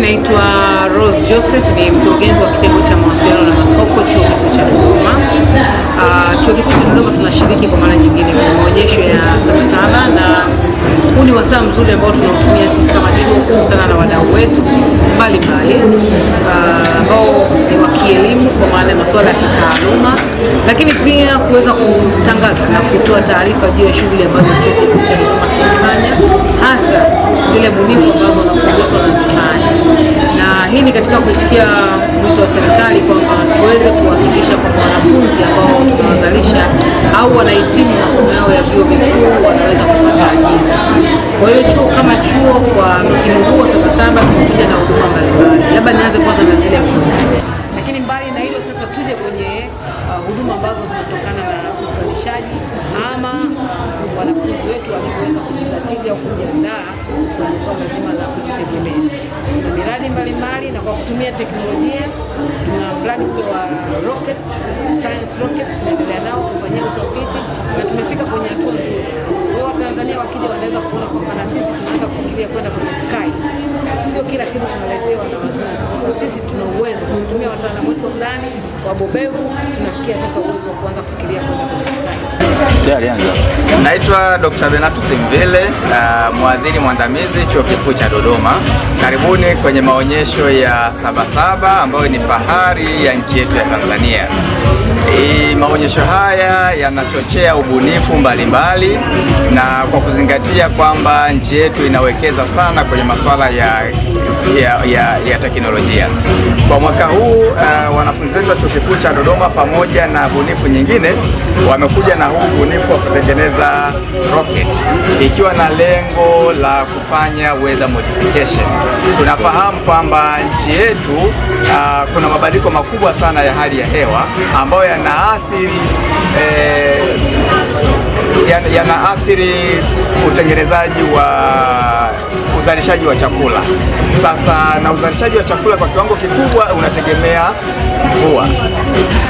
Naitwa Rose Joseph, ni mkurugenzi wa kitengo cha mawasiliano na masoko chuo kikuu cha Dodoma. Uh, chuo kikuu cha Dodoma tunashiriki kwa mara nyingine kwa maonyesho ya Sabasaba na huu ni wasaa mzuri ambao tunautumia sisi kama chuo kukutana na wadau wetu mbalimbali ah, ambao uh, ni wa kielimu kwa maana ya masuala ya kitaaluma, lakini pia kuweza kutangaza na kutoa taarifa juu ya shughuli ambazo chuo kikuu cha Dodoma kinafanya hasa zile bunifu pia mwito wa serikali kwamba tuweze kuhakikisha kwamba wanafunzi ambao tunawazalisha au wanahitimu masomo yao ya vyuo vikuu wanaweza kupata ajira. Kwa hiyo chuo kama chuo kwa msimu huu wa Sabasaba tumekuja na huduma mbalimbali, labda nianze kwanza na zile lakini mbali na hilo sasa tuje kwenye uh, huduma uh, ambazo zinatokana na uzalishaji ama wanafunzi wetu walivyoweza kujizatiti au kujiandaa kwenye swala zima la kujitegemea. Tuna miradi mbalimbali kwa kutumia teknolojia. Tuna mradi ule wa rocket science rocket, tunaendelea nao kufanyia utafiti na tumefika kwenye hatua nzuri. Wao Watanzania wakija wanaweza kuona kwamba na sisi tunaanza kufikiria kwenda kwenye sky. Sio kila kitu tunaletewa na wazungu. Sasa sisi tuna uwezo wa kutumia wataalamu wetu wa ndani wabobevu, tunafikia sasa uwezo wa kuanza kufikiria kwenda kwenye sky. Naitwa Dr. Benatu Simvile, uh, mwadhiri mwandamizi Chuo Kikuu cha Dodoma. Karibuni kwenye maonyesho ya Sabasaba ambayo ni fahari ya nchi yetu ya Tanzania. E, maonyesho haya yanachochea ubunifu mbalimbali mbali, na kwa kuzingatia kwamba nchi yetu inawekeza sana kwenye masuala ya, ya, ya, ya teknolojia. Kwa mwaka huu uh, wanafunzi wetu wa chuo kikuu cha Dodoma pamoja na bunifu nyingine wamekuja na huu bunifu wa kutengeneza rocket, ikiwa na lengo la kufanya weather modification. Tunafahamu kwamba nchi yetu uh, kuna mabadiliko makubwa sana ya hali ya hewa ambayo yanaathiri eh, yanaathiri yana utengenezaji wa uzalishaji wa chakula sasa, na uzalishaji wa chakula kwa kiwango kikubwa unategemea mvua.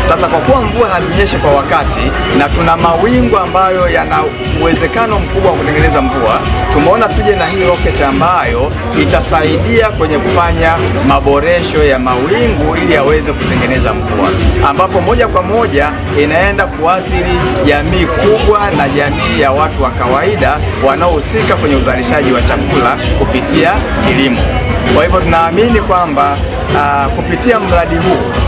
Sasa kwa kuwa mvua hazinyeshi kwa wakati na tuna mawingu ambayo yana uwezekano mkubwa wa kutengeneza mvua, tumeona tuje na hii rocket ambayo itasaidia kwenye kufanya maboresho ya mawingu ili yaweze kutengeneza mvua, ambapo moja kwa moja inaenda kuathiri jamii kubwa na jamii ya watu wa kawaida wanaohusika kwenye uzalishaji wa chakula kupitia kilimo. Kwa hivyo tunaamini kwamba uh, kupitia mradi huu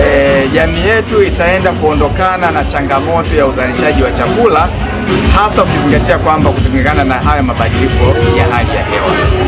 E, jamii e, yetu itaenda kuondokana na changamoto ya uzalishaji wa chakula hasa ukizingatia kwamba kutokana na haya mabadiliko ya hali ya hewa.